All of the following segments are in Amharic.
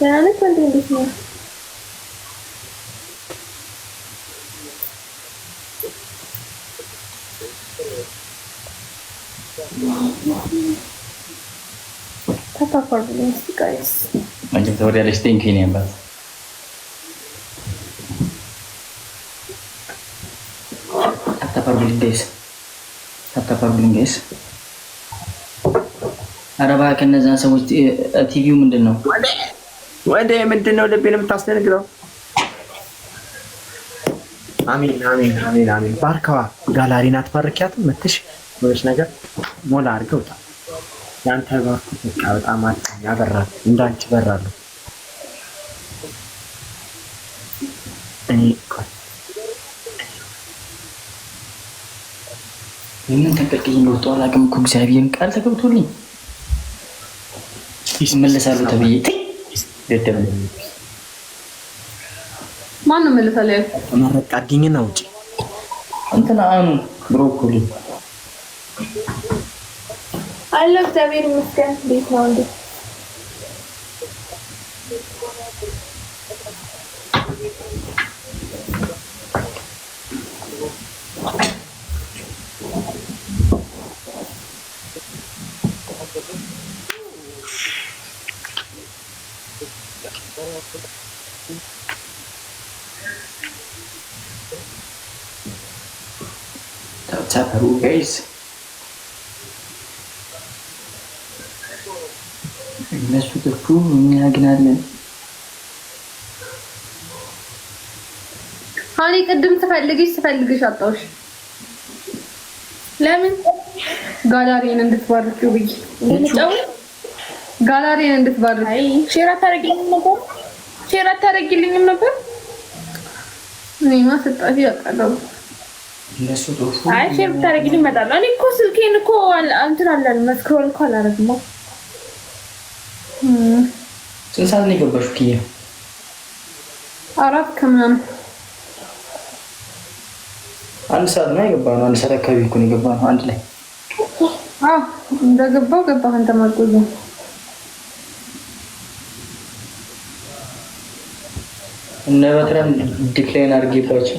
Jangan lupa tulisnya. Papa problems guys. Acım teoriye listin ki neyim ben. Hatta problem guys. Hatta problem guys. አረባ ከነዛ ሰዎች ቲቪው ምንድን ነው ወደ ምንድን ነው ልቤን የምታስደነግጠው? አሚን አሚን አሚን አሚን። ባርከዋ ጋላሪን አትባርኪያትም። ምትሽ ወይስ ነገር ሞላ አድርገው ታ ያንተ ባርኩ በቃ በጣም አ ያበራ እንዳንቺ በራሉ። እኔ ምን ተቀልቀይ ነው ተዋላ ግን እግዚአብሔርን ቃል ተገብቶልኝ ይመለሳሉ ተብዬ ገደብ ማን ነው መረቅ ውጭ እንትና አኑ ብሮኮሊ አለሁ እግዚአብሔር ይመስገን። ቤት ነው እንዴ What's up, guys? እነሱ ገፉ፣ እኛ ግን አለን። አሁን ቅድም ትፈልግሽ ትፈልግሽ አጣሁሽ። ለምን ጋላሪን እንድትባርኪው ብዬ ልጫው ጋላሪን እንድትባርኪው ሼር አታደርጊልኝም ነበር? ሼር አታደርጊልኝም ነበር? እኔማ ስጣፊ ያቀረቡ አይ ሼር ብታደርጊ እመጣለሁ። እኔ እኮ ስልኬን እኮ እንትን አላለም መስክሮል እኮ አላደረግም። ስንት ሰዓት ነው የገባሽው? ኪያ አራት ከምናምን አንድ ሰዓት ነው የገባነው። አንድ ሰዓት አካባቢ እኮ ነው የገባነው አንድ ላይ እንደገባው አንተ እነ በትረን ዲክላይን አድርጌባቸው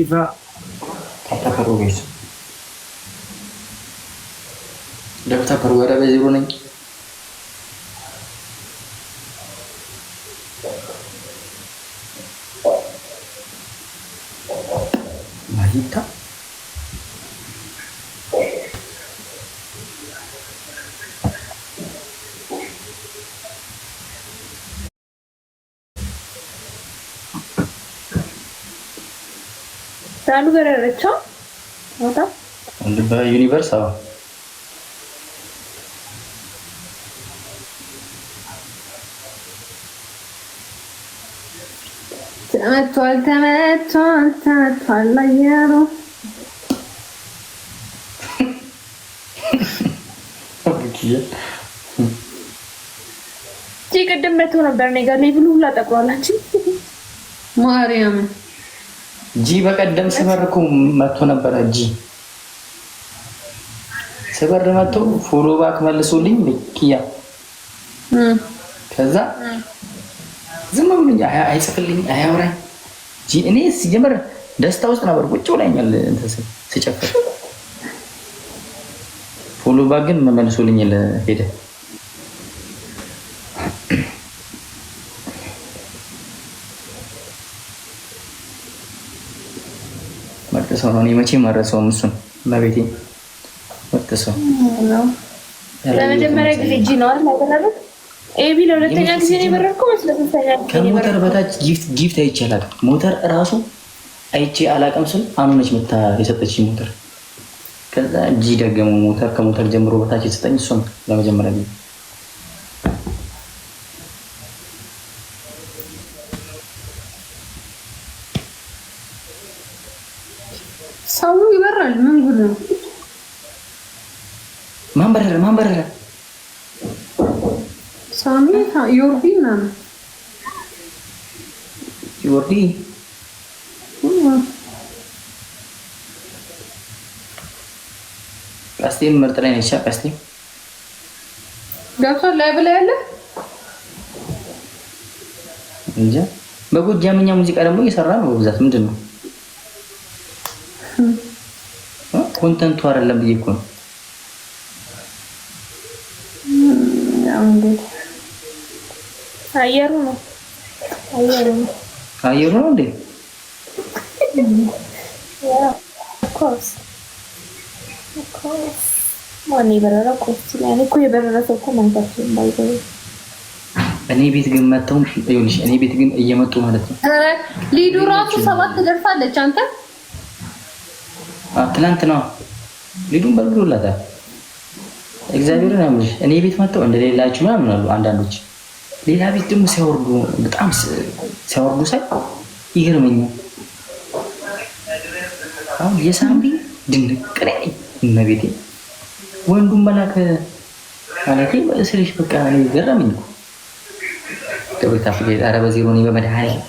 Eva ዳታ ፐርወር በዜሮ ነኝ Strano Bererechá? Ah, በዩኒቨርስ በዩኒቨርሳል ተመቷል፣ ተመቷል፣ ተመቷል አየሩ ቅድም መቶ ነበር ነገር ጋር ሁላ ጠቅሯላችሁ ማርያምን ጂ በቀደም ስበር እኮ መጥቶ ነበረ። ጂ ስበር መጥቶ ፎሎ ባክ መልሶልኝ ልቅያ ከዛ ዝም ብሎ አይጽፍልኝ አያውራኝ። ጂ እኔ ሲጀምር ደስታ ውስጥ ነበር፣ ቁጭ ብላኛል ስጨፍር። ፎሎ ባክ ግን መልሶልኝ ሄደ። ሰው ነው። እኔ መቼ አልረሳውም እሱን መቤቴ ወጥ ሰው ለመጀመሪያ ጊዜ እጅ ነው አይደል? ኤቢ ለሁለተኛ ጊዜ ነው የበረርኩ። ከሞተር በታች ጊፍት አይቼ አላውቅም። ሞተር እራሱ አይቼ አላቀም ስል አኑነች መታ የሰጠች ሞተር። ከዛ እጅ ደገሙ ሞተር ከሞተር ጀምሮ በታች የሰጠኝ እሱ ነው ለመጀመሪያ ጊዜ ሰው ይበራል። ምን ጉድ ነው? ማን በረረ? ማን በረረ? ሳሚ ዮርዲ ምናምን ዮርዲ ቀስቴም ምርጥ ላይ ነች። ቀስቴም ገብቷል። ላይ ብላ ያለ እንጃ። በጎጃምኛ ሙዚቃ ደግሞ እየሰራ ነው በብዛት ምንድን ነው ኮንተንቱ አይደለም ብዬ እኮ ነው። አየሩ ነው አየሩ ነው እንዴ? እኔ ቤት ግን መተውም ይኸውልሽ፣ እኔ ቤት ግን እየመጡ ማለት ነው። ሊዱ ራሱ ሰባት ትደርሳለች አንተ ትናንት ነው ሊዱን በልብሎላታል። እግዚአብሔርን አምልሽ እኔ ቤት መጥተው እንደሌላችሁ ምናምን አሉ አንዳንዶች። ሌላ ቤት ደግሞ ሲያወርዱ በጣም ሲያወርዱ ሳይ ይገርመኝ። አሁን የሳምቢ ድንቅሬ እመቤቴ ወንዱን መላክ ማለቴ ስልሽ በቃ ገረመኝ። ደብል ታፍ ኧረ በዜሮ እኔ በመድኃኒዓለም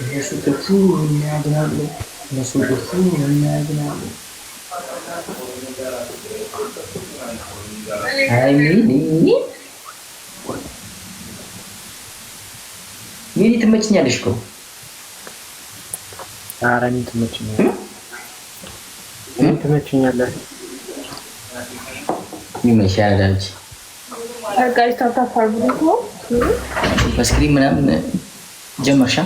እነሱ በክፉ የሚያዝናሉ፣ እነሱ በክፉ የሚያዝናሉ። ሚኒ ትመችኛለሽ እኮ ኧረ እኔ ትመችኛለሽ ትመችኛለሽ ይመችሀል አንቺ በስክሪን ምናምን ጀመርሻ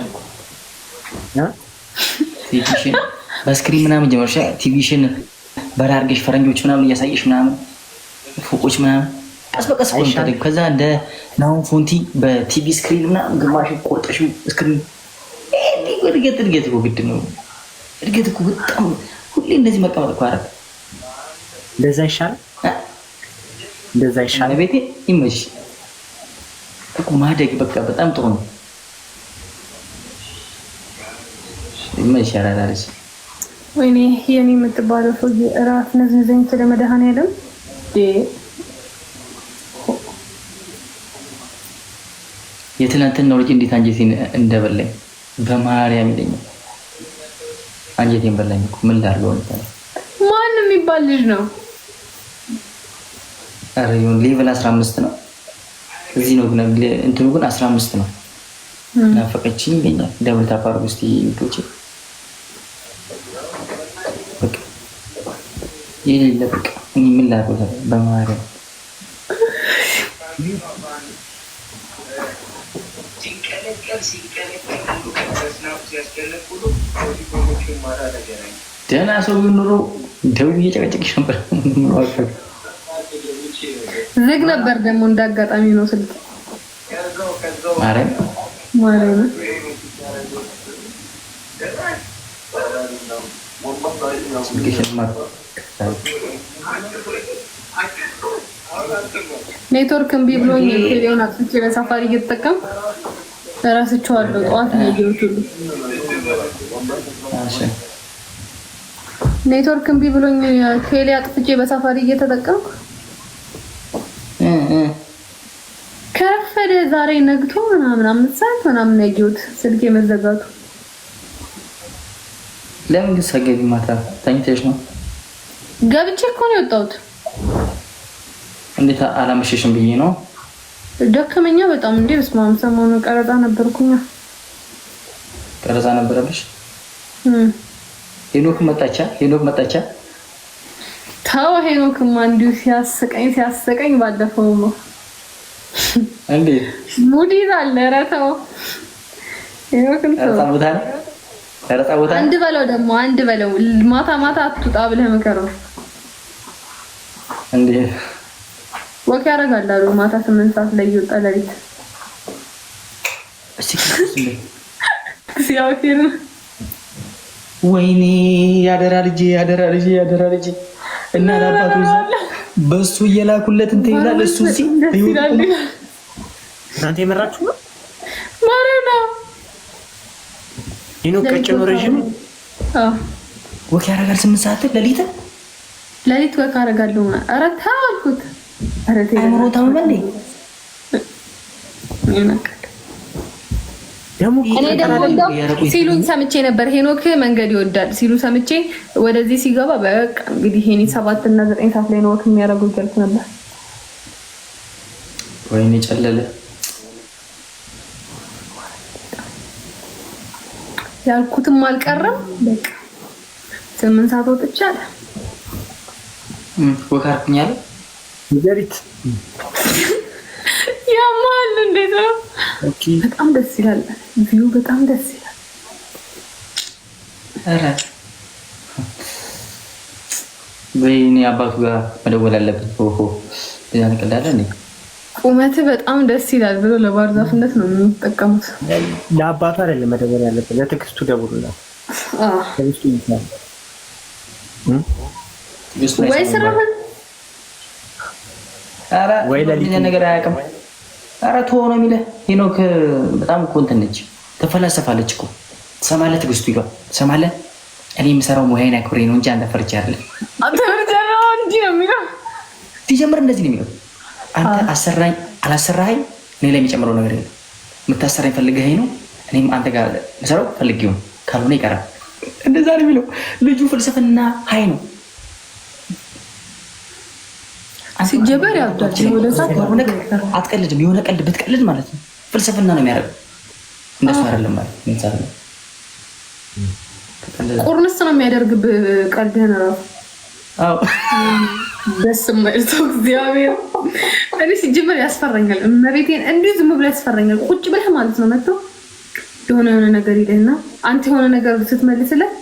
ቲቪሽን በስክሪን ምናምን ጀመርሽ። ቲቪሽን በራርገሽ ፈረንጆች ምናምን እያሳየሽ ምናምን ፎቆች ምናምን ቀስ በቀስ ታደግ። ከዛ እንደ ናሁን ፎንቲ በቲቪ ስክሪን ምናምን ግማሽ ቆርጠሽ ስክሪን። እድገት እድገት እኮ ግድ ነው። እድገት እኮ በጣም ሁሌ እንደዚህ መቀመጥ እኮ አረብ እንደዛ ይሻል እንደዛ ይሻል። ቤቴ ይመችሽ ማደግ በቃ በጣም ጥሩ ነው። ምን ይሻላል አለች። ወይኔ የኔ የምትባለው ሰውዬ እራት ነዝንዘኝ ስለ መድኃኔዓለም የትናንትናው ልጅ እንዴት አንጀቴን እንደበላኝ በማርያም ይለኛል። አንጀቴን በላኝ እኮ ምን ላድርገው? ማን የሚባል ልጅ ነው? ሌቨል አስራ አምስት ነው። እዚህ ነው ግን እንትኑ ግን አስራ አምስት ነው። ናፈቀችኝ ይለኛል። ደብል ታፓር ውስጥ የሌለ በቃ ምን ላደርግ በማርያም ደህና ሰው ቢሆን ነበር። ዝግ ነበር ደግሞ ነው ስልክ ማርያም ማርያም ኔትወርክ እምቢ ብሎኝ ቴሌውን አጥፍቼ በሳፋሪ እየተጠቀም እረስቸዋለሁ። ጠዋት እያየሁት ሁሉ ኔትወርክ እምቢ ብሎኝ ቴሌ አጥፍቼ በሳፋሪ እየተጠቀም ከረፈደ ዛሬ ነግቶ ምናምን አምስት ሰዓት ምናምን ያየሁት ስልክ የመዘጋቱ ለምን ግን ሰገቢ ማታ ተኝተሽ ነው? ገብቼ እኮ ነው የወጣሁት። እንዴት አላመሸሽም ብዬ ነው። ደከመኛ በጣም እንዴ። በስመ አብ ሰሞኑን ቀረጻ ነበርኩኛ። ቀረጻ ነበረብሽ? ሄኖክ መጣቻ፣ ሄኖክ መጣቻ። ተው ሄኖክማ እንዲሁ ሲያስቀኝ ሲያስቀኝ፣ ባለፈውማ እንዴ ሙድ ይዛል። ኧረ ተው ሄኖክን ተው አንድ በለው ደግሞ አንድ በለው። ማታ ማታ አትውጣ ብለህ መከረው። እንዴ ወክ ያደርጋል አሉ ማታ ስምንት ሰዓት ላይ ይወጣ ለቤት ሲያወኪር ወይኔ ያደራ ልጅ ያደራ ልጅ ያደራ ልጅ እና ለአባቱ በሱ እየላኩለት እንትን ይላል እሱ ሲ እናንተ የመራችሁ ነው ማረው ነው ሄኖክ ቀጭኑ ረዥም ወክ ያደርጋል። ስምንት ሰዓት ለሊት ሌሊት ወክ አደርጋለሁ። ኧረ ተው አልኩት። አእምሮ ታመመል እኔ ደግሞ ሲሉን ሰምቼ ነበር። ሄኖክ መንገድ ይወዳል ሲሉ ሰምቼ ወደዚህ ሲገባ በቃ እንግዲህ ሄኒ ሰባት እና ዘጠኝ ሰዓት ላይ ነው ወክ የሚያደርጉ ይገልጽ ነበር። ወይኔ ጨለለ ያልኩትም አልቀረም። በቃ ስምንት ሰዓት ወጥቻለሁ። ወካርኩኛለ ንገሪት ያማል። እንዴት ነው? በጣም ደስ ይላል። ቪዩ በጣም ደስ ይላል። አረ በይ አባቱ ጋር መደወል አለበት። ሆሆ ያን ቀላል ቁመት በጣም ደስ ይላል ብሎ ለባርዛፍነት ነው የሚጠቀሙት። ለአባቱ አይደለም መደወል ያለብን፣ ለትዕግስቱ ደውሉላት። ወይ ስራህን ወይ ነገር አያውቅም። ኧረ ተወው ነው የሚለህ ሄኖክ። በጣም እኮ እንትን ነች፣ ተፈላሰፋለች እኮ ትሰማለህ። ትዕግስቱ ይሏል ትሰማለህ። እኔ የምሰራው ሙያዬን አክብሬ ነው እንጂ አንተ ፈርቼ አንተ ፈርቼ ነው እንዲህ ነው የሚለው ሲጀምር፣ እንደዚህ ነው የሚለው አንተ አሰራኝ አላሰራኸኝ እኔ ላይ የሚጨምረው ነገር የለም። የምታሰራኝ ፈልገኸኝ ነው፣ እኔም አንተ ጋር መሰረው ፈልጌው ካልሆነ ይቀራል። እንደዛ ነው የሚለው ልጁ ፍልስፍና ሀይ ነው ሲጀበር አትቀልድም። የሆነ ቀልድ ብትቀልድ ማለት ነው ፍልስፍና ነው የሚያደርገው። እንደሱ አይደለም ማለት ነው። ቁርንስ ነው የሚያደርግብ ቀልድህን እራሱ ደስ የማይል እግዚአብሔር እኔ ሲጀመር ያስፈራኛል። እመቤቴን እንዲሁ ዝም ብሎ ያስፈራኛል። ቁጭ ብለህ ማለት ነው መጥቶ የሆነ የሆነ ነገር ይለና አንተ የሆነ ነገር ስትመልስለት